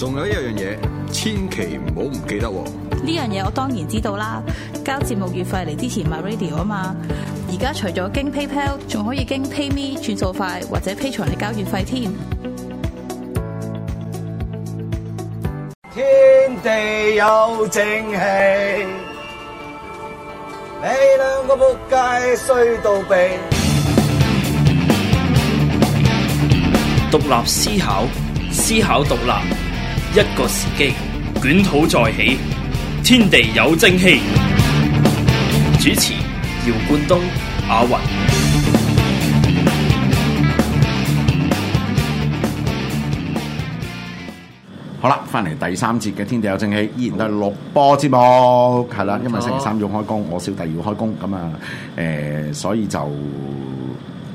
仲有一樣嘢，千祈唔好唔記得喎。呢樣嘢我當然知道啦，交節目月費嚟之前 MyRadio 啊嘛。而家除咗經 PayPal，仲可以經 PayMe 轉數快或者 Patreon 嚟交月費添。天地有正氣，你兩個仆街衰到痹。獨立思考，思考獨立。一個時機，捲土再起，天地有正氣。主持：姚冠東、阿雲。好啦，翻嚟第三節嘅《天地有正氣》，依然都係錄播節目，係啦，因為星期三要開工，我小弟要開工，咁啊，誒、呃，所以就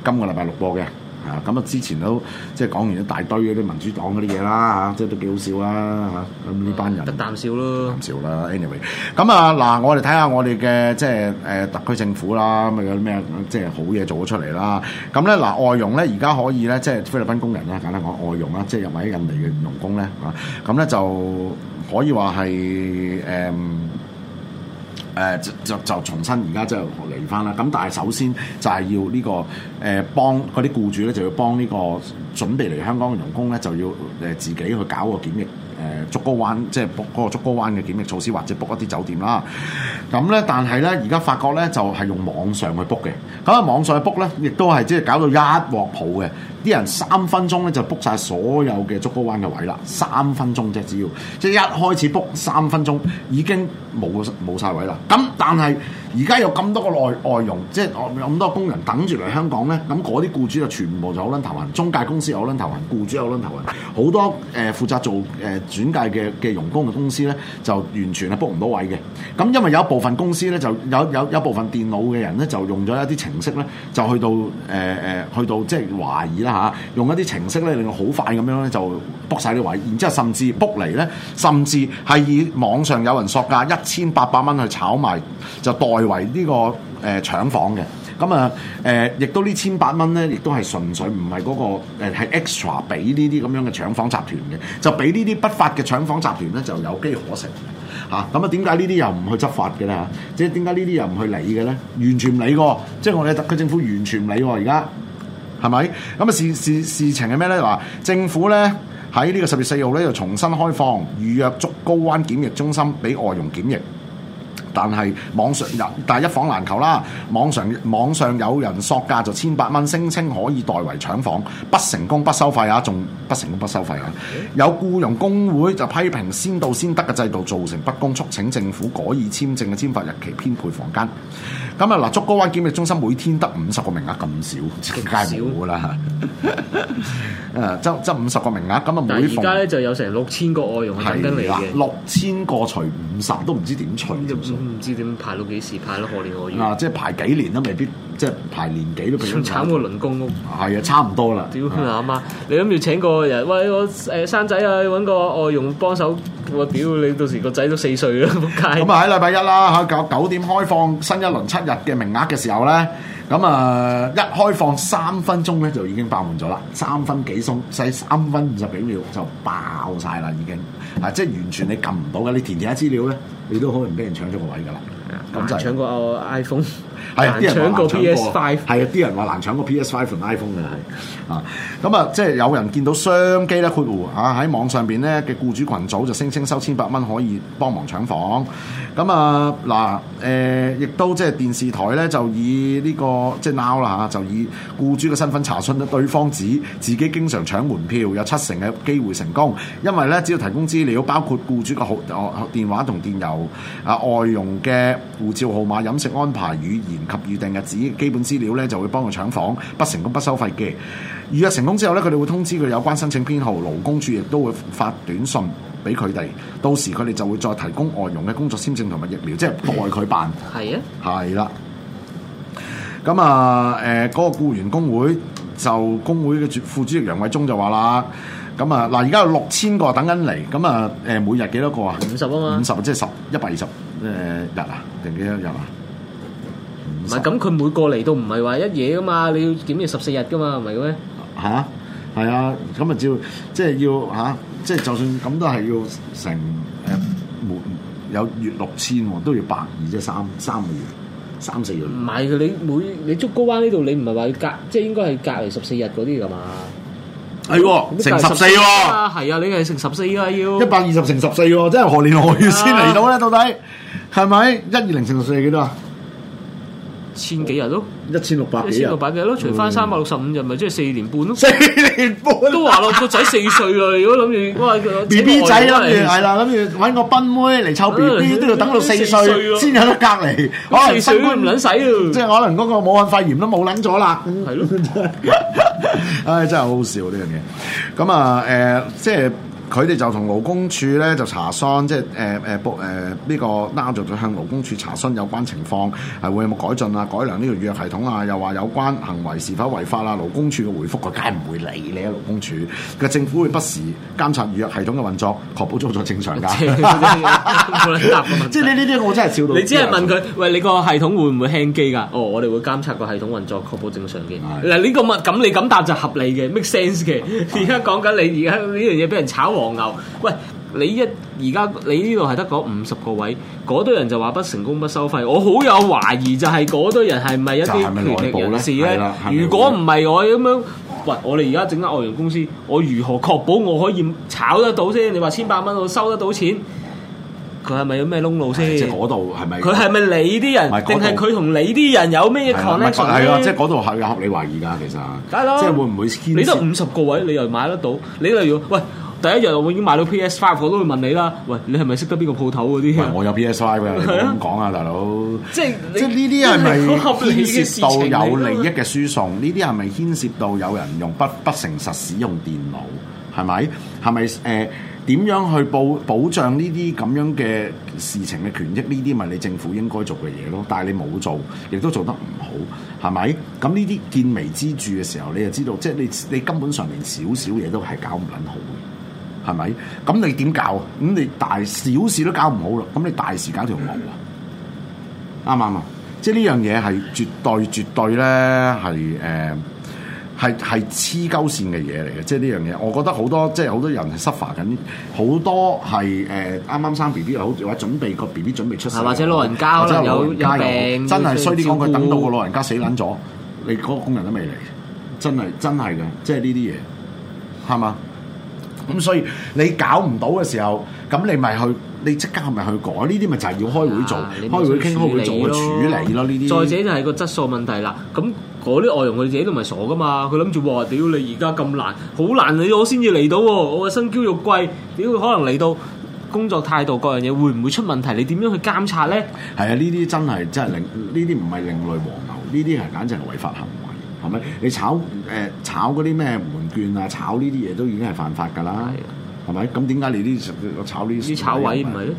今個禮拜錄播嘅。啊，咁啊，之前都即係講完一大堆嗰啲民主黨嗰啲嘢啦，嚇，即係都幾好笑啦，嚇，咁呢班人。得啖笑咯，啖笑啦。anyway，咁啊嗱，我哋睇下我哋嘅即係誒特區政府啦，咁啊有啲咩即係好嘢做咗出嚟啦。咁咧嗱，外傭咧而家可以咧，即係菲律賓工人咧，簡單講外傭啦，即係又或者印尼嘅農工咧嚇，咁咧就可以話係誒。呃誒、呃、就就，就重新而家就嚟翻啦，咁但係首先就係要呢、這個誒、呃、幫嗰啲僱主咧，就要幫呢個準備嚟香港嘅員工咧，就要自己去搞個檢疫。誒，竹篙灣即係 book 嗰個竹篙灣嘅檢疫措施，或者 book 一啲酒店啦。咁咧，但係咧，而家發覺咧就係、是、用網上去 book 嘅。咁啊，網上去 book 咧，亦都係即係搞到一鑊泡嘅。啲人三分鐘咧就 book 晒所有嘅竹篙灣嘅位啦。三分鐘啫，只要即係、就是、一開始 book 三分鐘已經冇冇晒位啦。咁但係。而家有咁多個外外傭即係有咁多工人等住嚟香港呢，咁嗰啲僱主就全部就好撚頭暈，中介公司又撚頭暈，僱主又撚頭暈，好多、呃、負責做誒、呃、轉介嘅嘅傭工嘅公司呢，就完全係 book 唔到位嘅。咁因為有一部分公司呢，就有有有部分電腦嘅人呢，就用咗一啲程式呢，就去到、呃、去到即係懷疑啦嚇、啊，用一啲程式呢，令到好快咁樣呢，就 book 晒啲位，然之後甚至 book 嚟呢，甚至係以網上有人索價一千八百蚊去炒賣，就代。為這個搶房這呢、那個誒搶房嘅，咁啊誒，亦都呢千八蚊咧，亦都係純粹唔係嗰個誒係 extra 俾呢啲咁樣嘅搶房集團嘅，就俾呢啲不法嘅搶房集團咧就有機可乘吓。咁啊，點解呢啲、啊就是、又唔去執法嘅咧？即係點解呢啲又唔去理嘅咧？完全唔理喎，即係我哋特區政府完全唔理喎。而家係咪？咁啊事事事情係咩咧？嗱、就是，政府咧喺呢個十月四號咧又重新開放預約竹篙灣檢疫中心俾外傭檢疫。但係網上人，但係一房難求啦。網上網上有人索價就千八蚊，聲稱可以代為搶房，不成功不收費啊，仲不成功不收費啊。欸、有僱傭工會就批評先到先得嘅制度造成不公，促請政府改以簽證嘅簽發日期編配房間。咁啊嗱，竹篙灣檢疫中心每天得五十個名額，咁少，極少啦嚇。誒，即五十個名額，咁啊，而家咧就有成六千個外傭跟嚟嘅，六千個除五十都唔知點除。 唔知點排到幾時，排到何年何月。啊！即係排幾年都未必，即係排年幾都俾。仲慘過輪公屋。係啊，差唔多啦。屌嗱阿媽，你諗住請個人？喂，我誒生仔啊，揾個外傭、哦、幫手。我 屌你到時個仔都四歲啦！咁啊喺禮拜一啦嚇，九九點開放新一輪七日嘅名額嘅時候咧，咁啊一開放三分鐘咧就已經爆滿咗啦，三分幾鐘，使三分五十幾秒就爆晒啦已經。啊，即係完全你撳唔到嘅，你填填下資料咧。你都可能俾人搶咗個位㗎啦，搶過 iPhone。係，啲人話難搶過 PS Five，係啊！啲人話難搶過 PS Five 同 iPhone 嘅係啊，咁啊，即係有人見到商機咧，括弧啊，喺網上邊咧嘅僱主群組就聲稱收千百蚊可以幫忙搶房，咁啊嗱，誒亦都即係電視台咧就以呢、這個即係、就是、NOW 啦、啊、嚇，就以僱主嘅身份查詢到對方指自己經常搶門票，有七成嘅機會成功，因為咧只要提供資料包括僱主嘅號電話同電郵啊，外傭嘅護照號碼、飲食安排與延及預定日子基本資料咧就會幫佢搶房，不成功不收費嘅。預約成功之後咧，佢哋會通知佢有關申請編號，勞工處亦都會發短信俾佢哋，到時佢哋就會再提供外傭嘅工作簽證同埋疫苗， 即係代佢辦。係啊，係啦。咁啊，誒、呃、嗰、那個僱員工會就工會嘅副主席楊偉忠就話啦，咁啊嗱，而、呃、家有六千個等緊嚟，咁啊誒每日幾多個啊？五十啊嘛，五十即係十一百二十誒日啊，定幾多日啊？日啊日啊唔係咁，佢每個嚟都唔係話一嘢噶嘛，你要檢疫十四日噶嘛，係咪嘅咩？係啊，啊，咁啊照，即係要吓？即、啊、係就算咁都係要成、啊、有月六千喎、哦，都要百二即係三三個月，三四月。唔係你每你竹篙灣呢度，你唔係話要隔，即係應該係隔離十四日嗰啲㗎嘛？係喎，成十四喎，係啊，你係、啊、成十四啊，啊，啊，要一百二十乘十四喎，即係何年何月先嚟到咧、啊？到底係咪一二零乘十四幾多啊？千幾日咯，一千六百，一千六百幾日咯，除翻三百六十五日，咪即係四年半咯。四年半都話咯，個仔四歲啦，如果諗住，我話 B B 仔諗住係啦，諗住揾個賓妹嚟湊 B B，都要等到四歲先有得隔離，可能新冠唔撚使喎，即係可能嗰個武漢肺炎都冇撚咗啦，係咯，唉，真係好好笑呢樣嘢，咁啊，誒，即係。佢哋就同勞工處咧就查詢，即係誒誒誒呢個鳩就向勞工處查詢有關情況，係會有冇改進啊、改良呢個預約系統啊？又話有關行為是否違法啊？勞工處嘅回覆佢梗係唔會理你啊！勞工處嘅政府會不時監察預約系統嘅運作，確保操作正常噶。即係呢啲呢啲，我真係少到。你只係問佢，喂，你個系統會唔會輕機㗎？哦，我哋會監察個系統運作，確保正常嘅。嗱，呢個咁你咁答就合理嘅，make sense 嘅。而 家講緊你而家呢樣嘢俾人炒黃。牛，喂！你一而家你呢度係得嗰五十個位，嗰堆人就話不成功不收費，我好有懷疑就係嗰堆人係咪一啲權力人士咧、就是？如果唔係我咁樣，喂！我哋而家整間外傭公司，我如何確保我可以炒得到先？你話千百蚊我收得到錢，佢係咪有咩窿路先？即係嗰度係咪？佢係咪你啲人？定係佢同你啲人有咩嘢 connection 咧？即係嗰度係有你懷疑噶，其實。大佬，即係會唔會？你得五十個位，你又買得到？你例如：喂？第一日我已經買到 PS Five，我都會問你啦。喂，你係咪識得邊個鋪頭嗰啲？唔係我有 PS Five 㗎，你唔好咁講啊，大佬。即係即係呢啲係咪牽涉到有利益嘅輸送？呢啲係咪牽涉到有人用不不誠實使用電腦？係咪？係咪？誒、呃、點樣去保保障呢啲咁樣嘅事情嘅權益？呢啲咪你政府應該做嘅嘢咯？但係你冇做，亦都做得唔好，係咪？咁呢啲見微知著嘅時候，你就知道，即係你你根本上連少少嘢都係搞唔撚好嘅。係咪？咁你點搞？啊？咁你大小事都搞唔好咯，咁你大事搞條毛啊？啱啱啊？即係呢樣嘢係絕對絕對咧，係誒係係黐鳩線嘅嘢嚟嘅。即係呢樣嘢，我覺得好多即係好多人係 suffer 緊，多呃、好多係誒啱啱生 B B 又好，或者準備個 B B 準備出世，或者老人家，好老人家好有有病，真係衰啲講句，等到個老人家死撚咗，嗯，你嗰個工人都未嚟，真係真係嘅，即係呢啲嘢係嘛？咁所以你搞唔到嘅時候，咁你咪去，你即刻咪去改。呢啲咪就係要開會做，開會傾，開會做嘅處理咯。呢啲再者就係個質素問題啦。咁嗰啲外傭佢自己都唔係傻噶嘛？佢諗住話：屌你而家咁難，好難你我先至嚟到喎。我嘅身驕肉貴，屌可能嚟到工作態度各樣嘢，會唔會出問題？你點樣去監察咧？係啊，呢啲真係真係另呢啲唔係另類黃牛，呢啲係簡直係違法行為。係咪？你炒誒、呃、炒嗰啲咩門券啊？炒呢啲嘢都已經係犯法㗎啦。係咪？咁點解你啲炒呢啲？要炒位唔係咯？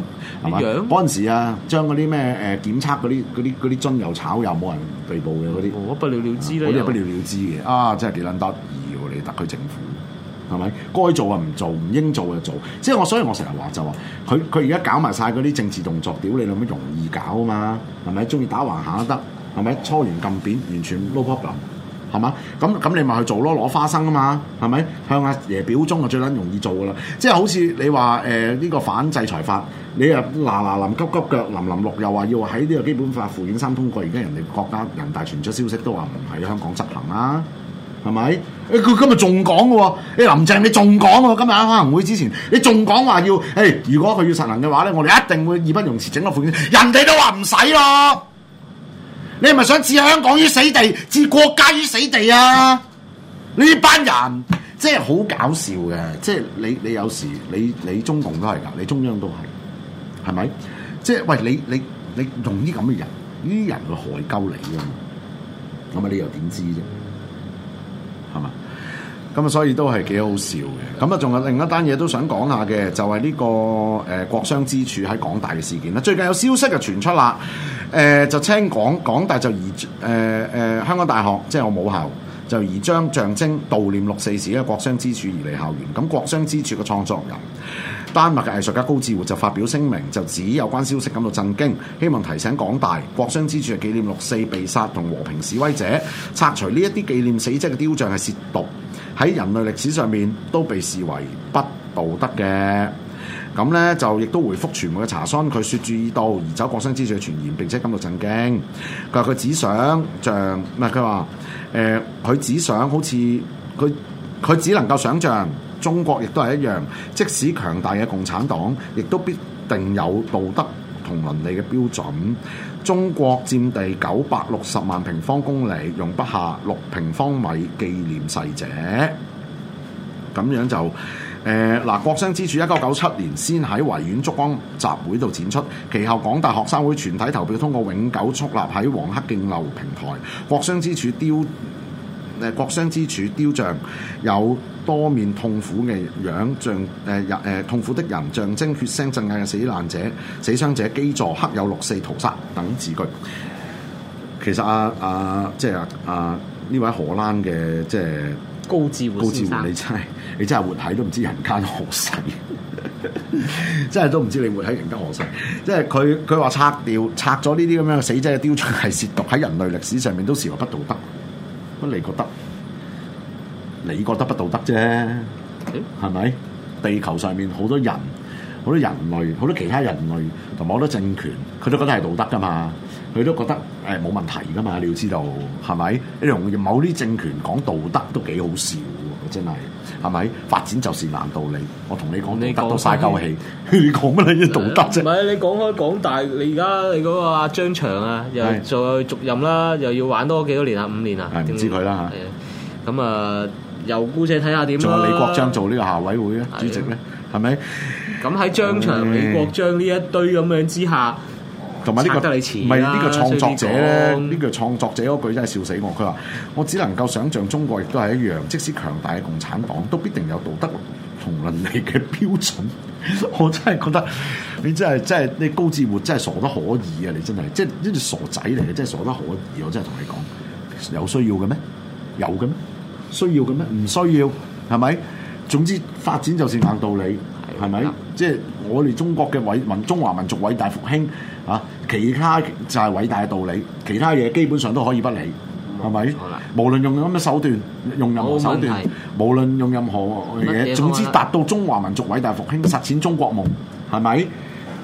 係咪？嗰陣時啊，將嗰啲咩誒檢測嗰啲啲啲樽又炒又冇人被捕嘅嗰啲。我不了了之咧。嗰啲不了了之嘅啊，真係幾撚得意喎、哎！你特區政府係咪？該做啊唔做，唔應做就做。即係我，所以我成日話就話佢佢而家搞埋晒嗰啲政治動作，屌你老母容易搞啊嘛？係咪？中意打橫行都得，係咪？初年禁扁完全 no problem。係嘛？咁咁你咪去做咯，攞花生啊嘛，係咪向阿爺表忠啊？最撚容易做噶啦，即係好似你話誒呢個反制裁法，你啊嗱嗱臨急急腳，淋淋落又話要喺呢個基本法附件三通過，而家人哋國家人大傳出消息都話唔喺香港執行啦、啊，係咪？佢、欸、今日仲講嘅喎，林鄭你仲講喎，今日可能行會之前，你仲講話要，誒、欸、如果佢要實行嘅話咧，我哋一定會義不容辭整個附件，人哋都話唔使咯。你係咪想置香港於死地，置國家於死地啊？呢班人即係好搞笑嘅，即係你你有時你你中共都係㗎，你中央都係，係咪？即係喂，你你你用啲咁嘅人，呢啲人去害鳩你㗎嘛？咁啊，你又點知啫？係嘛？咁所以都係幾好笑嘅。咁啊，仲有另一單嘢都想講下嘅，就係、是、呢、這個誒、呃、國殤之柱喺港大嘅事件啦。最近有消息就傳出啦、呃，就聽港港大就移誒、呃、香港大學，即係我母校，就移將象徵悼念六四時嘅國殤之柱移嚟校園。咁國殤之柱嘅創作人丹麥嘅藝術家高志活就發表聲明，就指有關消息感到震驚，希望提醒港大國殤之柱嘅紀念六四被殺同和,和平示威者，拆除呢一啲紀念死者嘅雕像係褻瀆。喺人類歷史上面都被視為不道德嘅。咁呢就亦都回覆傳媒嘅查詢，佢説注意到移走國殤之柱嘅傳言，並且感到震驚。佢話佢只想像，唔係佢話，佢、呃、只想好似佢佢只能夠想像中國亦都係一樣，即使強大嘅共產黨，亦都必定有道德同倫理嘅標準，中國佔地九百六十萬平方公里，容不下六平方米紀念逝者。咁樣就誒嗱、呃，國殤之柱一九九七年先喺維園燭光集會度展出，其後港大學生會全體投票通過永久矗立喺黃克競樓平台。國殤之柱雕誒、呃、國殤之柱雕像有，多面痛苦嘅樣象，誒誒、呃呃、痛苦的人象徵血腥鎮壓嘅死難者、死傷者，基座刻有六四屠殺等字句。其實啊啊，即係啊啊呢位荷蘭嘅即係、啊、高志活高志活你真係你真係活喺都唔知人間何世， 真係都唔知你活喺人間何世。即係佢佢話拆掉拆咗呢啲咁樣死者嘅雕像係褻瀆，喺人類歷史上面都視為不道德。噉你覺得？你覺得不道德啫，係、欸、咪？地球上面好多人、好多人類、好多其他人類同埋好多政權，佢都覺得係道德㗎嘛，佢都覺得誒冇、欸、問題㗎嘛。你要知道係咪？你同某啲政權講道德都幾好笑喎，真係係咪？發展就是硬道理。我同你講啲，得到晒鳩氣，你講乜嘢道德啫？唔係你講開港大，你而家你嗰個阿張強翔啊，又再續任啦，又要玩多幾多年啊？五年係啊？唔知佢啦嚇。咁啊～、uh, 又姑姐睇下點咯。仲有李國章做呢個校委會咧，主席咧，係咪、啊？咁喺張長、李國章呢一堆咁樣之下，同埋呢個唔係呢個創作者咧，呢個創作者嗰句真係笑死我。佢話：我只能夠想像中國亦都係一樣，即使強大嘅共產黨都必定有道德同倫理嘅標準。 我真係覺得你真係真係你高智活真係傻得可以啊！你真係即係呢啲傻仔嚟嘅，真係傻得可以。我真係同你講，有需要嘅咩？有嘅咩？需要嘅咩？唔需要，係咪？總之發展就是硬道理，係咪？即係我哋中國嘅偉民，中華民族偉大復興啊！其他就係偉大嘅道理，其他嘢基本上都可以不理，係咪？無論用咁嘅手段，用任何手段，無論用任何嘢，東西總之達到中華民族偉大復興，實踐中國夢，係咪？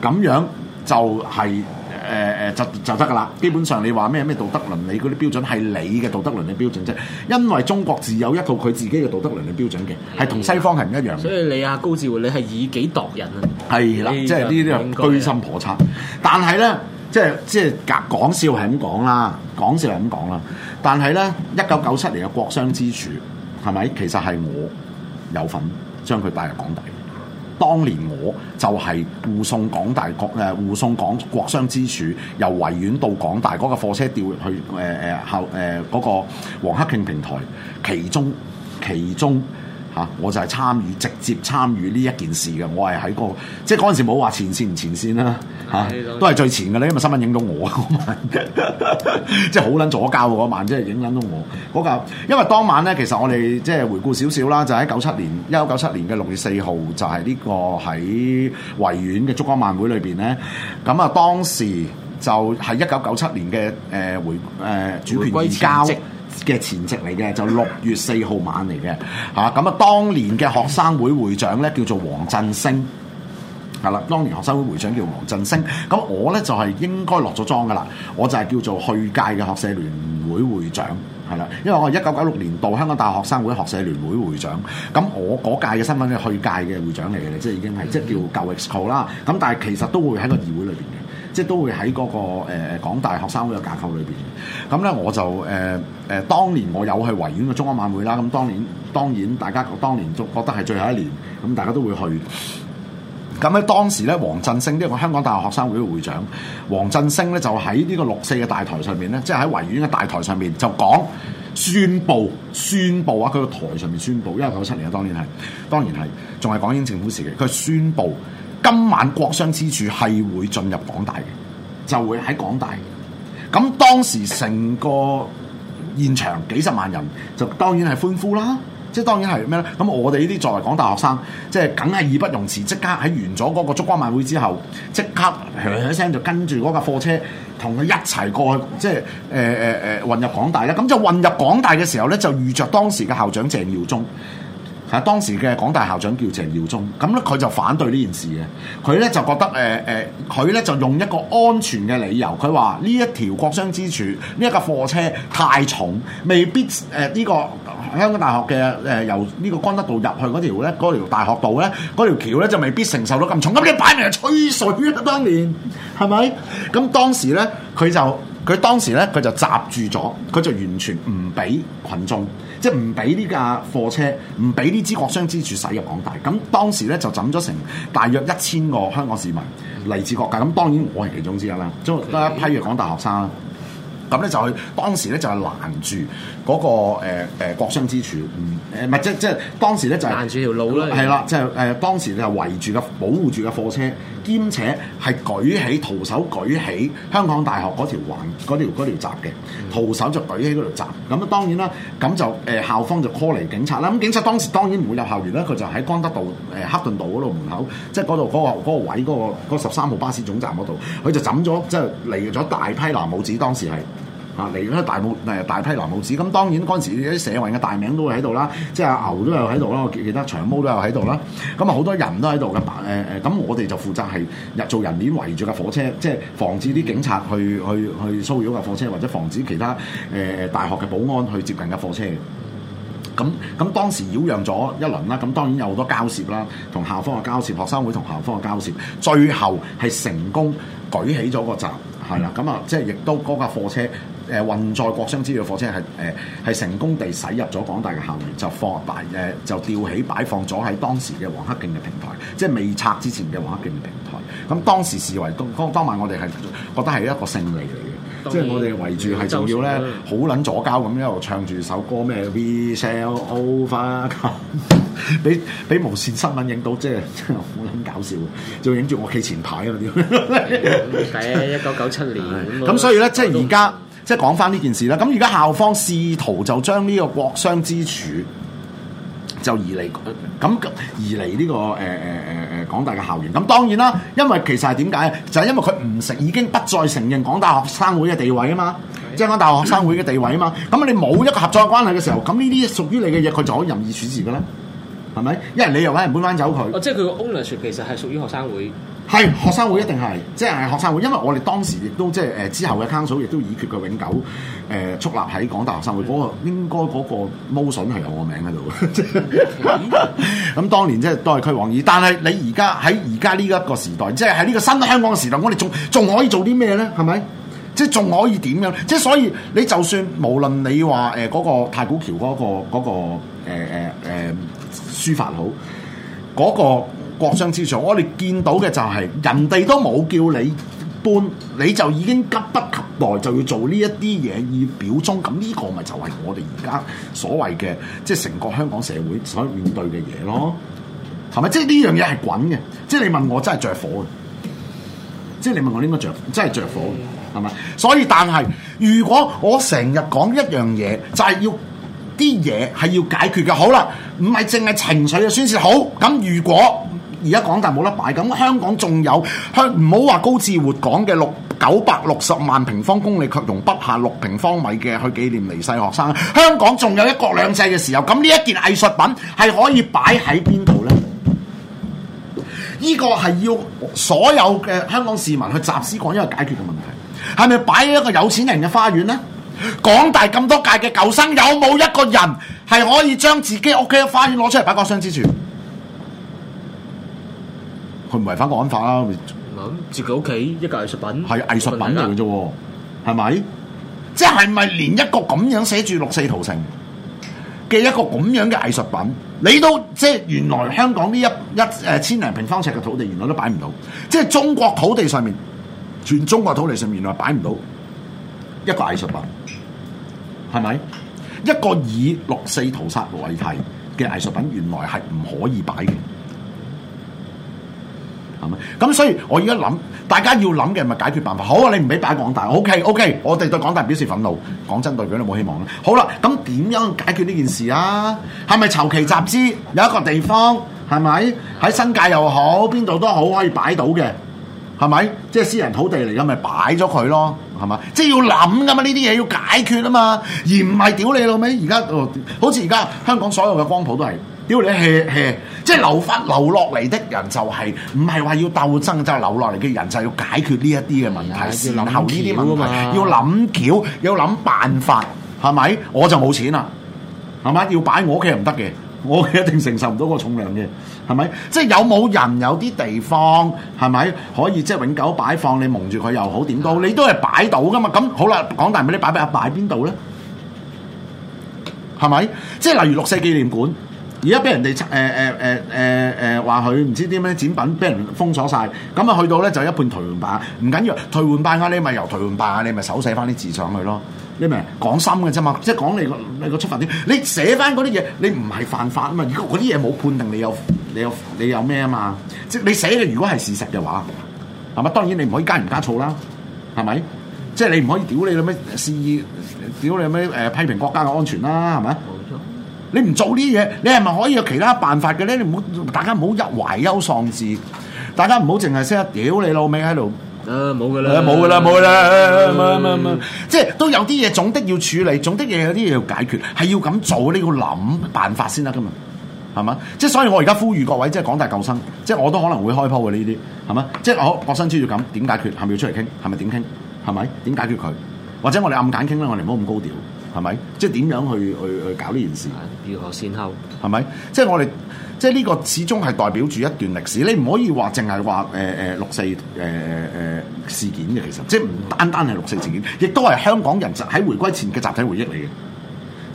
咁樣就係、是。誒、呃、誒就就得噶啦，基本上你話咩咩道德倫理嗰啲標準係你嘅道德倫理標準啫，就是、因為中國自有一套佢自己嘅道德倫理標準嘅，係同西方係唔一樣嘅。所以你阿高志活，你係以己度人啊？係啦，即係呢啲啊居心叵測。但係咧，即係即係講笑係咁講啦，講笑係咁講啦。但係咧，一九九七年嘅國殤之柱係咪？其實係我有份將佢帶入港大。當年我就係護送港大國誒護送港國殤之柱，由維園到港大嗰，那個貨車調去誒、誒、呃、後嗰，呃、那個黃克競平台，其中其中。嚇、啊！我就係參與直接參與呢一件事嘅，我係喺、那個即係嗰陣時冇話前線唔前線啦、啊，嚇、啊、都係最前嘅咧，因為新聞影到我嗰晚 即係好撚左膠嗰晚即係影撚到我嗰架、那個。因為當晚咧，其實我哋即係回顧少少啦，就喺九七年一九九七年嘅六月四號，就係、是、呢個喺維園嘅燭光晚會裏邊咧。咁啊，當時就喺一九九七年嘅誒、呃、回誒、呃、主權移交嘅前夕嚟嘅就六月四號晚嚟嘅嚇，咁啊當年嘅學生會會長咧叫做黃振升，係啦，當年學生會會長叫黃振升。咁我咧就係、是、應該落咗莊噶啦，我就係叫做去屆嘅學社聯會會,會長，係啦，因為我係一九九六年度香港大學學生會學社聯會會,會長，咁我嗰屆嘅身份，嘅去屆嘅會長嚟嘅即係已經係即係叫舊 exco 啦。咁但係其實都會喺個議會裏面。即係都會喺嗰、那個、呃、港大學生會嘅架構裏邊嘅，咁咧我就誒誒、呃、當年我有去維園嘅中央晚會啦，咁當年當然大家當年都覺得係最後一年，咁大家都會去。咁咧當時咧，黃振聲呢、這個香港大學學生會嘅會長，黃振聲咧就喺呢個六四嘅大台上面咧，即係喺維園嘅大台上面就講宣佈，宣佈啊佢個台上面宣佈，因為九七年啊，當年係當然係仲係港英政府時期，佢宣佈。今晚國殤之柱係會進入港大嘅，就會喺港大嘅。咁當時成個現場幾十萬人，就當然係歡呼啦，即係當然係咩咧？咁我哋呢啲作為港大學生，即係梗係義不容辭，即刻喺完咗嗰個燭光晚會之後，即刻嘩嘩聲就跟住嗰架貨車同佢一齊過去，即係誒誒誒混入港大啦。咁就混入港大嘅時候咧，就遇着當時嘅校長鄭耀宗。係當時嘅港大校長叫鄭耀宗，咁咧佢就反對呢件事嘅，佢咧就覺得誒誒，佢、呃、咧就用一個安全嘅理由，佢話呢一條國殤之柱，呢一架貨車太重，未必誒呢、呃這個香港大學嘅誒、呃、由呢個軍德道入去嗰條咧，嗰條大學道咧，嗰條橋咧就未必承受到咁重，咁你擺明係吹水啦！當年係咪？咁當時咧，佢就佢當時咧，佢就閘住咗，佢就完全唔俾群眾。即係唔俾呢架貨車唔俾呢支國殤之柱駛入港大，咁當時咧就抌咗成大約一千個香港市民嚟自各界，咁當然我係其中之一啦，中得一批嘅港大學生啦。咁咧就去當時咧就係攔住嗰、那個誒誒、呃、國殤之柱，唔、嗯，物即即係當時咧就係、是、攔住條路啦，係啦，即係誒當時就係圍住嘅保護住嘅貨車。兼且係舉起徒手舉起香港大學嗰條橫嗰條嗰條閘嘅，徒手就舉起嗰條閘。咁啊當然啦，咁就誒、呃、校方就 call 嚟警察啦。咁、嗯、警察當時當然唔會入校園啦，佢就喺江德道、呃、黑頓道嗰度門口，即係嗰度嗰個位嗰、嗰個十三、嗰個、號巴士總站嗰度，佢就枕咗即係嚟咗大批藍帽子，當時係。啊！嚟咗大、呃、大批藍帽子，咁當然嗰陣時啲社運嘅大名都喺度啦，即係牛都有喺度啦，其他長毛都有喺度啦，咁啊好多人都喺度嘅，咁、呃嗯嗯嗯嗯嗯、我哋就負責係日做人鏈圍住架火車，即係防止啲警察去去去騷擾架火車，或者防止其他、呃、大學嘅保安去接近架火車嘅。咁咁當時擾攘咗一輪啦，咁當然有好多交涉啦，同校方嘅交涉，學生會同校方嘅交涉，最後係成功舉起咗個站，係啦，咁啊即係亦都嗰架火車。嗯誒、呃、運載國殤之柱嘅貨車係誒係成功地駛入咗港大嘅校園，就放擺誒、呃、就吊起擺放咗喺當時嘅黃克競嘅平台，即係未拆之前嘅黃克競嘅平台。咁、嗯嗯、當時視為當當晚我哋係覺得係一個勝利嚟嘅，即係我哋圍住係仲要咧好撚左膠咁一路唱住首歌咩？We Shall Overcome，俾俾無線新聞影到，即係真係好撚搞笑，就影住我企前排啊啲。點、嗯？係一九九七年咁，所以咧即係而家。即係講翻呢件事啦，咁而家校方試圖就將呢個國殤之柱就移離，咁移離呢、這個誒誒誒誒，港、呃呃、大嘅校園。咁當然啦，因為其實係點解？就係、是、因為佢唔承，已經不再承認港大學生會嘅地位啊嘛，即係港大學生會嘅地位啊嘛。咁你冇一個合作關係嘅時候，咁呢啲屬於你嘅嘢，佢就可以任意處置嘅呢。係咪？因為你又揾人搬翻走佢、哦。即係佢個 ownership 其實係屬於學生會。係學生會一定係，即、嗯、係、就是、學生會。因為我哋當時亦都即係、就是、之後嘅 council 亦都已決佢永久誒矗、呃、立喺港大學生會嗰、嗯，那個應該嗰個 motion 係有我個名喺度，咁當年即、就、係、是、都係屈王二，但係你而家喺而家呢一個時代，即係喺呢個新香港時代，我哋仲仲可以做啲咩咧？係咪？即係仲可以點樣？即、就、係、是、所以你就算無論你話誒嗰個太古橋嗰、那個嗰、那個誒、呃呃呃書法好，嗰、那個國殤之柱，我哋見到嘅就係、是、人哋都冇叫你搬，你就已經急不及待就要做呢一啲嘢以表忠，咁呢個咪就係我哋而家所謂嘅即係成個香港社會所面對嘅嘢咯，係咪、就是？即係呢樣嘢係滾嘅，即係你問我真係着火嘅，即係你問我應該着，真係着火嘅，係咪？所以但係如果我成日講一樣嘢，就係、是、要。啲嘢係要解決嘅，好啦，唔係淨係情緒嘅宣泄。好，咁，如果而家港大冇得擺，咁香港仲有向唔好話高志活講嘅六九百六十萬平方公里，卻容不下六平方米嘅去紀念離世學生。香港仲有一國兩制嘅時候，咁呢一件藝術品係可以擺喺邊度呢？呢、呢個係要所有嘅香港市民去集思廣益，一個解決嘅問題，係咪擺喺一個有錢人嘅花園呢？港大咁多屆嘅舊生有冇一個人係可以將自己屋企嘅花園攞出嚟擺個殤之柱？佢唔違反國安法不的啊？諗自己屋企一個藝術品係藝術品嚟嘅啫，係咪？即係係咪連一個咁樣寫住六四屠城嘅一個咁樣嘅藝術品，你都即係原來香港呢一一誒千零平方尺嘅土地，原來都擺唔到。即係中國土地上面，全中國土地上面原來擺唔到一個藝術品。係咪一個以六四屠殺為題嘅藝術品，原來係唔可以擺嘅，係咪？咁所以我而家諗，大家要諗嘅咪解決辦法。好啊，你唔俾擺港大，OK，OK，我哋對港大表示憤怒。講真對，對佢哋冇希望啦。好啦，咁點樣解決呢件事啊？係咪籌旗集資？有一個地方係咪喺新界又好，邊度都好可以擺到嘅？係咪？即係私人土地嚟噶，咪擺咗佢咯？係咪？即係要諗噶嘛？呢啲嘢要解決啊嘛，而唔係屌你老味！而家、哦、好似而家香港所有嘅光譜都係屌你 hea hea，即係留翻留落嚟的人就係唔係話要鬥爭，就係、係、留落嚟嘅人就係要解決呢一啲嘅問題，善後呢啲問題，要諗橋，要諗辦法，係、啊、咪？我就冇錢啦，係咪？要擺我屋企唔得嘅，我屋企一定承受唔到個重量嘅。係咪？即係有冇人有啲地方係咪可以即係永久擺放？你矇住佢又好點都，你都係擺到㗎嘛？咁好啦，講大啲，你擺擺擺邊度咧？係咪？即係例如六四紀念館。而家俾人哋誒誒誒誒誒話佢唔知啲咩展品俾人封鎖晒，咁啊去到咧就一半退換版，唔緊要，退換版嗰啲咪由退換版，你咪手寫翻啲字上去咯。你明講心嘅啫嘛，即係講你個你個出發點。你寫翻嗰啲嘢，你唔係犯法啊嘛。如果嗰啲嘢冇判定你有你有你有咩啊嘛，即係你寫嘅如果係事實嘅話，係咪？當然你唔可以加鹽加醋啦，係咪？即係你唔可以屌你咩肆意，屌你咩誒批評國家嘅安全啦，係咪？冇錯。你唔做呢啲嘢，你係咪可以有其他辦法嘅咧？你唔好，大家唔好一懷憂喪志，大家唔好淨係識得屌你老味喺度。誒、啊，冇噶啦，冇噶啦，冇噶啦，即係都有啲嘢總的要處理，總的嘢有啲嘢要解決，係要咁做，你要諗辦法先得噶嘛，係嘛？即係所以我而家呼籲各位，即係廣大救生，即係我都可能會開鋪嘅呢啲，係嘛？即係我我知要咁點解決，係咪要出嚟傾，係咪點傾？係咪點解決佢？或者我哋暗揀傾啦，我哋唔好咁高調。係咪？即係點樣去去去搞呢件事？如何善後？係咪？即係我哋，即係呢個始終係代表住一段歷史。你唔可以話淨係話誒誒六四誒誒、呃呃、事件嘅，其實即係唔單單係六四事件，亦都係香港人喺回歸前嘅集體回憶嚟嘅。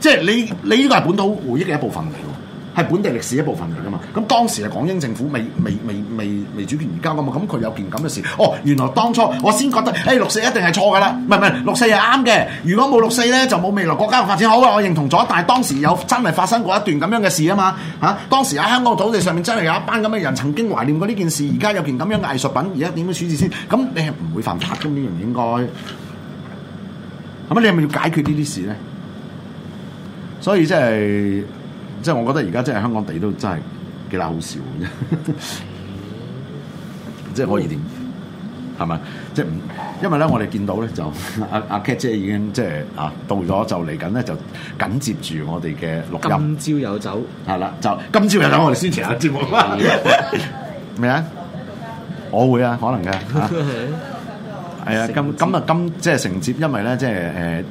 即係你你呢個係本土回憶嘅一部分嚟。係本地歷史一部分嚟㗎嘛？咁當時係港英政府未未未未未主權移交嘅嘛？咁佢有件咁嘅事。哦，原來當初我先覺得，誒六四一定係錯㗎啦，唔係唔係六四係啱嘅。如果冇六四咧，就冇未來國家嘅發展好嘅。我認同咗，但係當時有真係發生過一段咁樣嘅事嘛啊嘛嚇。當時喺香港土地上面真係有一班咁嘅人曾經懷念過呢件事。而家有件咁樣嘅藝術品，而家點樣處置先？咁你係唔會犯法嘅呢樣應該。咁你係咪要解決這事呢啲事咧？所以即係。即係我覺得而家真係香港地都真係幾難好笑啫、嗯，即係可以點係咪？即係唔因為咧，我哋見到咧就阿阿、啊、Kat、啊、姐已經即係啊到咗，就嚟緊咧就緊接住我哋嘅錄音。今朝有酒係啦，就今朝有酒，我哋先停下節目啦。咩、嗯、啊？我會啊，可能嘅。 啊係啊，咁咁今，今即係承接，因為咧，即係、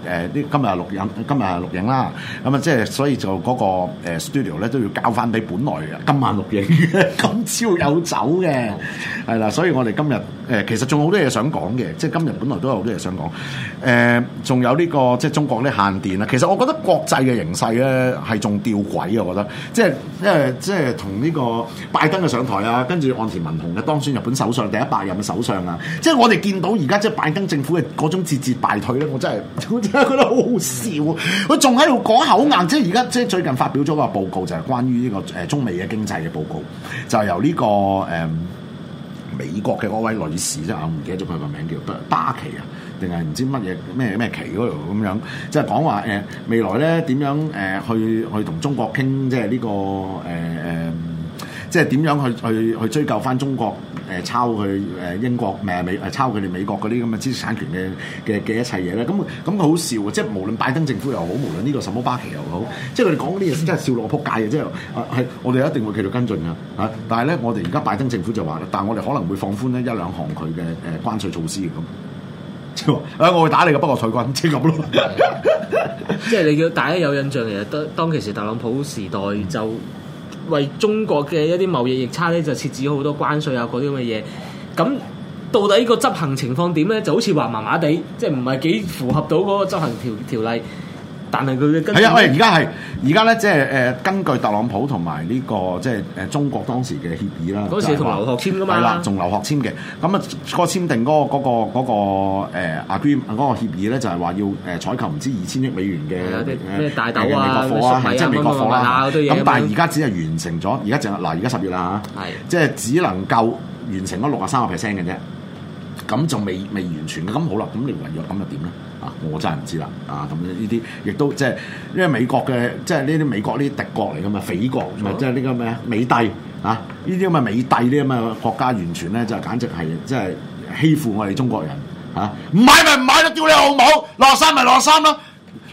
呃、今日係錄影，今日錄影啦。咁啊，即係所以就嗰個 studio 咧都要交翻俾本來嘅。今晚錄影，今朝有走嘅，係、嗯、啦、啊。所以我哋今日、呃、其實仲好多嘢想講嘅，即係今日本來都有好多嘢想講。仲、呃、有呢、呢個即係中國啲限電其實我覺得國際嘅形勢咧係仲吊詭啊，我覺得。即係因、呃、即係同呢個拜登嘅上台啊，跟住岸田文雄嘅當選日本首相第一百任首相啊，即係我哋見到而家即係。即拜登政府嘅嗰種節節敗退咧，我真係真係覺得好好笑。我仲喺度講口硬，即係而家即係最近發表咗個報告，就係、是、關於呢個誒、呃、中美嘅經濟嘅報告，就係、由呢、這個誒、嗯、美國嘅嗰位女士啫，啊唔記得咗佢個名叫巴奇啊，定係唔知乜嘢咩咩奇嗰度咁樣，就係講話誒未來咧點樣誒、呃、去去同中國傾，即係呢、這個誒誒。呃呃即係點樣去去去追究翻中國誒抄佢誒英國咪美誒抄佢哋美國嗰啲咁嘅知識產權嘅嘅嘅一切嘢咧？咁咁好笑嘅，即係無論拜登政府又好，無論呢個什麼巴奇又好，即係佢哋講嗰啲嘢真係笑到我撲街嘅，即係係、啊、我哋一定會繼續跟進嘅嚇、啊。但係咧，我哋而家拜登政府就話，但係我哋可能會放寬咧一兩項佢嘅誒關稅措施咁，即係話、啊、我會打你嘅，不過退軍、就是嗯、 即係咁咯。即係你叫大家有印象嘅，其實當當其時特朗普時代就。為中國嘅一啲貿易逆差咧，就設置好多關稅啊，嗰啲咁嘅嘢。咁到底個執行情況點咧？就好似話麻麻地，即係唔係幾符合到嗰個執行條條例。但係佢嘅係啊喂！而家係而家咧，即係根據特朗普同埋呢個即係、就是、中國當時嘅協議啦。嗰時同留學簽㗎嘛，係啦，仲留學簽嘅。咁啊，嗰個簽定嗰、那個嗰、那個嗰個 Agreement 嗰個協議咧，就係話要誒採購唔知二千億美元嘅大豆嘅美國貨啊，係即係美國貨啦。咁、啊、但係而家只係完成咗，而家仲嗱，而家十月啦係即係只能夠完成嗰六十三百 percent 嘅啫。咁就未未完全嘅，咁好啦，咁你唔入咁又點咧？啊，我真係唔知啦，啊，咁呢啲亦都即係，因為美國嘅即係呢啲美國呢啲敵國嚟噶嘛，匪國，即係呢個咩美帝啊，呢啲咁嘅美帝呢咁嘅國家完全咧就係簡直係即係欺負我哋中國人嚇，唔買咪唔買咯，叫你老母，落山咪落山咯，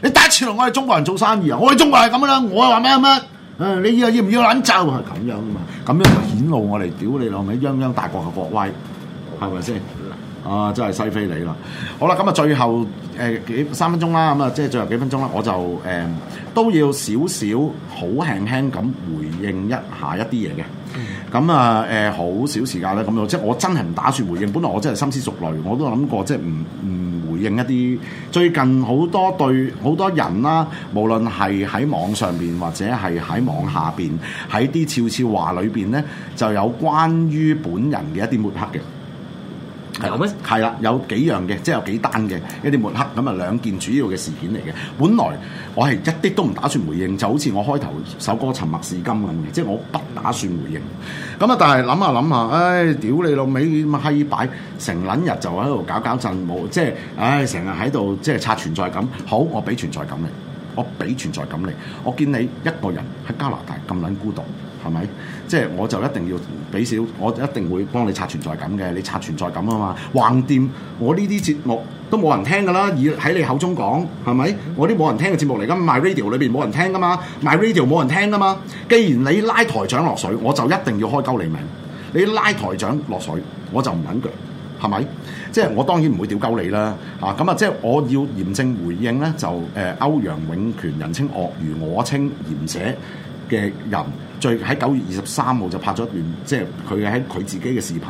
你第一次同我哋中國人做生意啊，我哋中國係咁啦，我話咩咩？乜？誒，你要要唔要攬咒？係咁樣噶嘛，咁樣就顯露我嚟屌你老母泱泱大國嘅國威，係咪先？是啊，真係西非你啦！好啦，咁啊，最後、呃、幾三分鐘啦，咁、嗯、啊，即係最後幾分鐘啦，我就誒、呃、都要少少好輕輕咁回應一下一啲嘢嘅。咁啊好少時間呢。咁啊，即係我真係唔打算回應。本來我真係深思熟慮，我都諗過即係唔唔回應一啲最近好多對好多人啦、啊，無論係喺網上面或者係喺網下面，喺啲悄悄話裏面咧，就有關於本人嘅一啲抹黑嘅。係啦，有幾樣嘅，即係有幾單嘅一啲抹黑，咁啊兩件主要嘅事件嚟嘅。本來我係一啲都唔打算回應，就好似我開頭首歌《沉默是金》咁嘅，即係我不打算回應。咁啊，但係諗下諗下，唉，屌你老味咁閪擺，成撚日就喺度搞搞震，冇即係，唉、哎，成日喺度即係刷存在感。好，我俾存在感你，我俾存在感你。我見你一個人喺加拿大咁撚孤獨。係咪？即係我就一定要俾少，我一定會幫你刷存在感嘅。你刷存在感啊嘛，橫掂我呢啲節目都冇人聽噶啦，以喺你口中講係咪？我啲冇人聽嘅節目嚟㗎，MyRadio 裏邊冇人聽㗎嘛，MyRadio 冇人聽㗎嘛。既然你拉台長落水，我就一定要開鳩你名。你拉台長落水，我就唔肯腳，係咪？即係我當然唔會屌鳩你啦。啊，咁啊，即係我要嚴正回應咧，就誒、呃、歐陽永權，人稱鱷魚，我稱嚴寫嘅人。最喺九月二十三號就拍咗一段，即係佢喺佢自己嘅視頻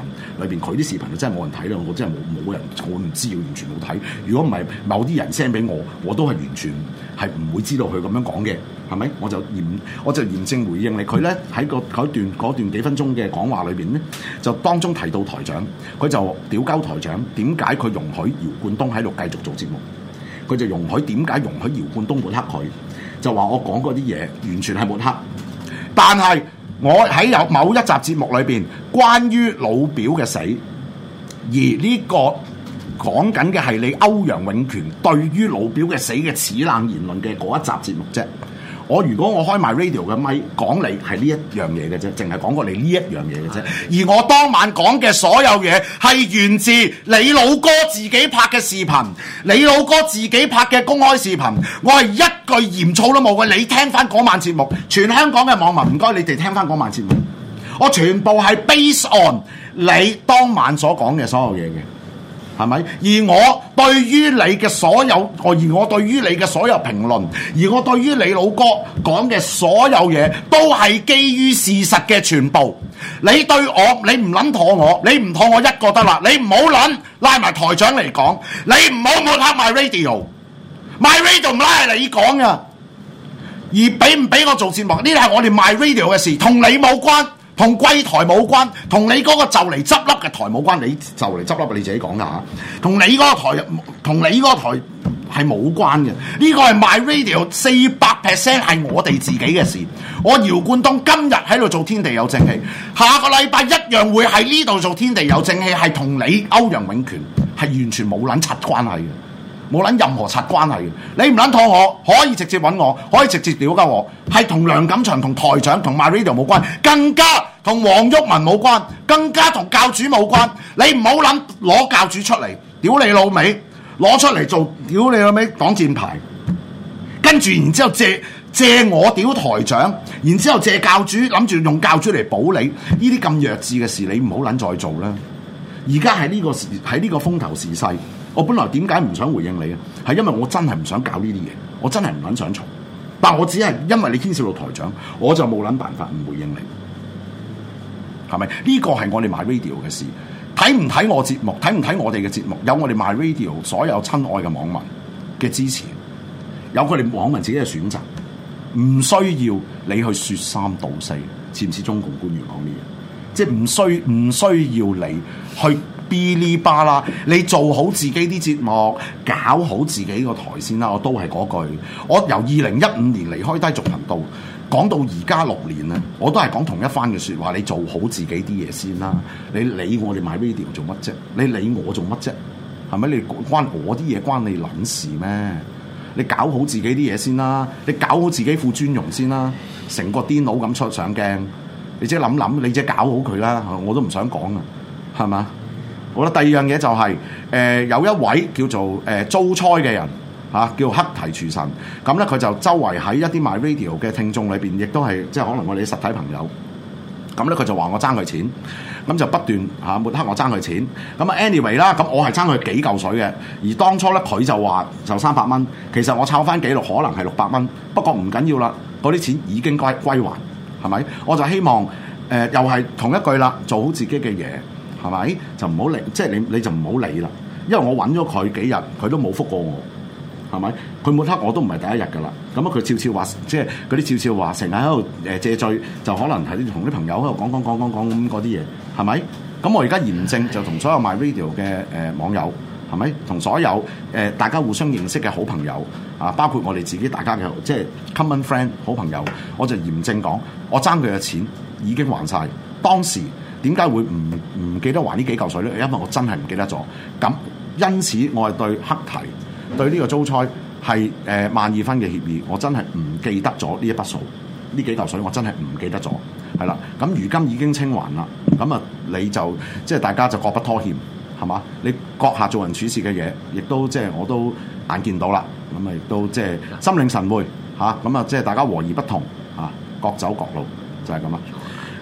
裏邊，佢啲視頻真係冇人睇啦！我真係冇冇人，我唔知道，我完全冇睇。如果唔係某啲人 send 俾我，我都係完全係唔會知道佢咁樣講嘅，係咪？我就嚴我就嚴正回應你，佢咧喺個嗰段段幾分鐘嘅講話裏邊咧，就當中提到台長，佢就屌鳩台長，點解佢容許姚冠東喺度繼續做節目？佢就容許點解容許姚冠東抹黑佢？就話我講嗰啲嘢完全係抹黑。但係我喺有某一集節目裏邊，關於老表嘅死，而呢個講緊嘅係你歐陽永權對於老表嘅死嘅齒冷言論嘅嗰一集節目啫。我如果我開埋 radio 嘅咪講你係呢一樣嘢嘅啫，淨係講過你呢一樣嘢嘅啫。而我當晚講嘅所有嘢係源自你老哥自己拍嘅視頻，你老哥自己拍嘅公開視頻，我係一句鹽醋都冇嘅。你聽翻嗰晚節目，全香港嘅網民唔該，你哋聽翻嗰晚節目，我全部係 base on 你當晚所講嘅所有嘢嘅。係咪？而我對於你嘅所有，而我對於你嘅所有評論，而我對於你老哥講嘅所有嘢，都係基於事實嘅全部。你對我，你唔撚妥我，你唔妥我一個得啦。你唔好撚拉埋台長嚟講，你唔好抹黑埋 radio，賣 radio 唔拉係你講㗎。而俾唔俾我做節目，呢啲係我哋賣 radio 嘅事，同你冇關。同貴台冇關，同你嗰個就嚟執笠嘅台冇關，你就嚟執笠，你自己講噶嚇。同你嗰個台，同你嗰個台係冇關嘅。呢、呢個係 MyRadio 四百 percent 係我哋自己嘅事。我姚冠東今日喺度做天地有正氣，下個禮拜一樣會喺呢度做天地有正氣，係同你歐陽永權係完全冇撚察關係嘅。冇撚任何察關係嘅，你唔撚妥我，可以直接揾我，可以直接屌鳩我，係同梁錦祥、同台長、同 MyRadio 冇關，更加同黃郁文冇關，更加同教主冇關。你唔好撚攞教主出嚟，屌你老味，攞出嚟做屌你老味擋箭牌。跟住然之後借借我屌台長，然之後借教主，諗住用教主嚟保你，呢啲咁弱智嘅事，你唔好撚再做啦。而家喺呢個時喺呢個風頭時勢。我本來點解唔想回應你嘅？係因為我真係唔想搞呢啲嘢，我真係唔撚想嘈。但我只係因為你牽涉到台長，我就冇撚辦法唔回應你，係咪？呢個係我哋 MyRadio 嘅事，睇唔睇我節目，睇唔睇我哋嘅節目，有我哋 MyRadio 所有親愛嘅網民嘅支持，有佢哋網民自己嘅選擇，唔需要你去説三道四，似唔似中共官員講呢嘢？即係唔需唔需要你去。哩哩巴啦！你做好自己啲節目，搞好自己個台先啦。我都係嗰句。我由二零一五年離開低俗頻道，講到而家六年啦，我都係講同一番嘅說話。你做好自己啲嘢先啦。你理我哋買 video 做乜啫？你理我做乜啫？係咪你關我啲嘢關你撚事咩？你搞好自己啲嘢先啦。你搞好自己副尊容先啦。成個癲腦咁出上鏡，你即係諗諗，你即係搞好佢啦。我都唔想講啊，係嘛？好啦，第二樣嘢就係，誒有一位叫做誒租差嘅人，嚇叫黑提廚神，咁咧佢就周圍喺一啲賣 video 嘅聽眾裏邊，亦都係即係可能我哋啲實體朋友，咁咧佢就話我爭佢錢，咁就不斷嚇，抹黑我爭佢錢，咁啊 anyway 啦，咁我係爭佢幾嚿水嘅，而當初咧佢就話就三百蚊，其實我抄翻記錄可能係六百蚊，不過唔緊要啦，嗰啲錢已經歸歸還，係咪？我就希望誒又係同一句啦，做好自己嘅嘢。係咪就唔好理，即係你你就唔好理啦。因為我揾咗佢幾日，佢都冇覆過我，係咪？佢冇黑我都唔係第一日㗎啦。咁啊，佢悄悄話，即係嗰啲悄悄話，成日喺度誒借罪，就可能係啲同啲朋友喺度講講講講講咁嗰啲嘢，係咪？咁我而家嚴正就同所有 MyRadio 嘅誒、呃、網友，係咪同所有誒、呃、大家互相認識嘅好朋友啊？包括我哋自己大家嘅即係 common friend 好朋友，我就嚴正講，我爭佢嘅錢已經還晒。」當時。點解會唔唔記得還幾呢幾嚿水咧？因為我真係唔記得咗。咁因此我係對黑提對呢個租差係誒萬二分嘅協議，我真係唔記得咗呢一筆數，呢幾嚿水我真係唔記得咗。係啦，咁如今已經清還啦。咁啊，你就即係大家就各不拖欠，係嘛？你閣下做人處事嘅嘢，亦都即係我都眼見到啦。咁啊，亦都即係心領神會嚇。咁啊，即係大家和而不同嚇，各走各路就係咁啦。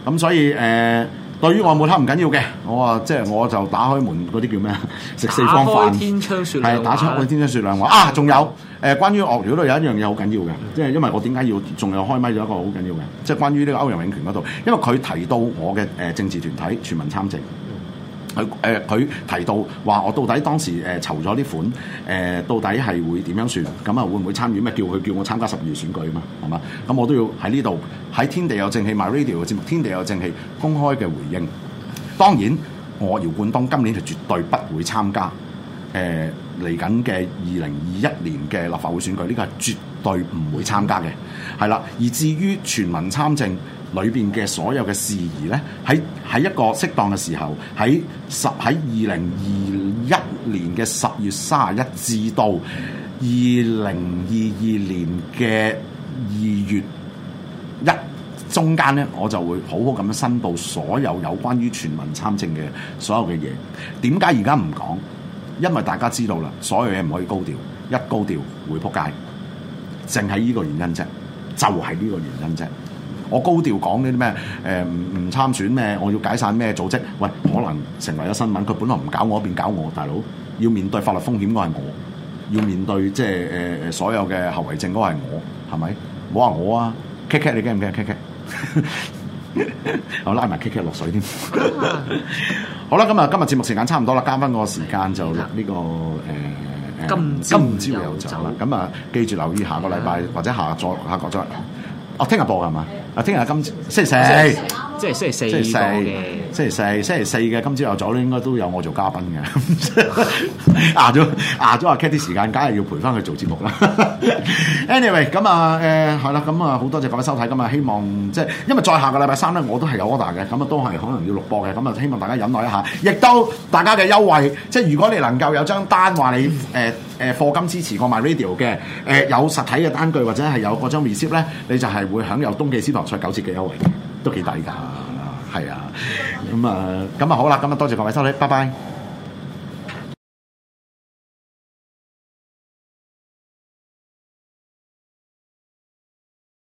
咁所以誒。呃對於我冇偷唔緊要嘅，我話即係我就打開門嗰啲叫咩？食四方飯，打開天窗雪亮。打開天窗雪亮話，雪亮話啊，仲、嗯、有誒、呃、關於樂料都有一樣嘢好緊要嘅，即、嗯、係因為我點解要仲有開咪咗一個好緊要嘅，即、就、係、是、關於呢個歐陽永權嗰度，因為佢提到我嘅誒、呃、政治團體全民參政。佢誒佢提到話，我到底當時誒籌咗啲款、呃、到底係會點樣算？咁啊，會唔會參與咩？叫佢叫我參加十二月選舉啊嘛，係嘛？咁我都要喺呢度喺天地有正氣 MyRadio 嘅節目，天地有正氣公開嘅回應。當然，我姚冠東今年就絕對不會參加誒嚟緊嘅二零二一年嘅立法會選舉，呢個係絕對唔會參加嘅。係啦，而至於全民參政。裏邊嘅所有嘅事宜呢，喺一個適當嘅時候，喺十喺二零二一年嘅十月三十一至到二零二二年嘅二月一中間呢，我就會好好咁樣申報所有有關於全民參政嘅所有嘅嘢。點解而家唔講？因為大家知道啦，所有嘢唔可以高調，一高調會撲街，淨係呢個原因啫，就係呢個原因啫。我高調講呢啲咩？唔、呃、參選咩？我要解散咩組織？喂，可能成為咗新聞。佢本來唔搞我，變搞我，大佬要面對法律風險，嗰係我；要面對即係、呃、所有嘅後遺症，嗰係我，係咪？冇話我啊！K K，你驚唔驚？K K，我拉埋 K K 落水添。好啦，咁啊，今日節目時間差唔多啦，加翻個時間就錄呢、這個誒、呃、今早今朝又走啦。咁啊，記住留意下個禮拜或者下再下個週。哦，聽日播係嘛？啊，聽日係今星期，多謝、謝。謝謝謝謝即係星期四嘅，星期四星期四嘅，今朝有早咧，應該都有我做嘉賓嘅。壓咗壓咗阿 Cat 啲時間，梗係要陪翻佢做節目啦。Anyway，咁啊誒係啦，咁啊好、啊啊啊啊啊、多謝各位收睇，咁啊希望即係因為在下個禮拜三咧，我都係有 order 嘅，咁啊都係可能要錄播嘅，咁啊希望大家忍耐一下。亦都大家嘅優惠，即係如果你能夠有張單話你誒誒課金支持過 MyRadio 嘅誒有實體嘅單據或者係有嗰張 receipt 咧，你就係會享有冬季私房菜九折嘅優惠。都幾抵㗎，係啊，咁啊，咁 啊好啦，咁啊多謝各位收睇，拜拜。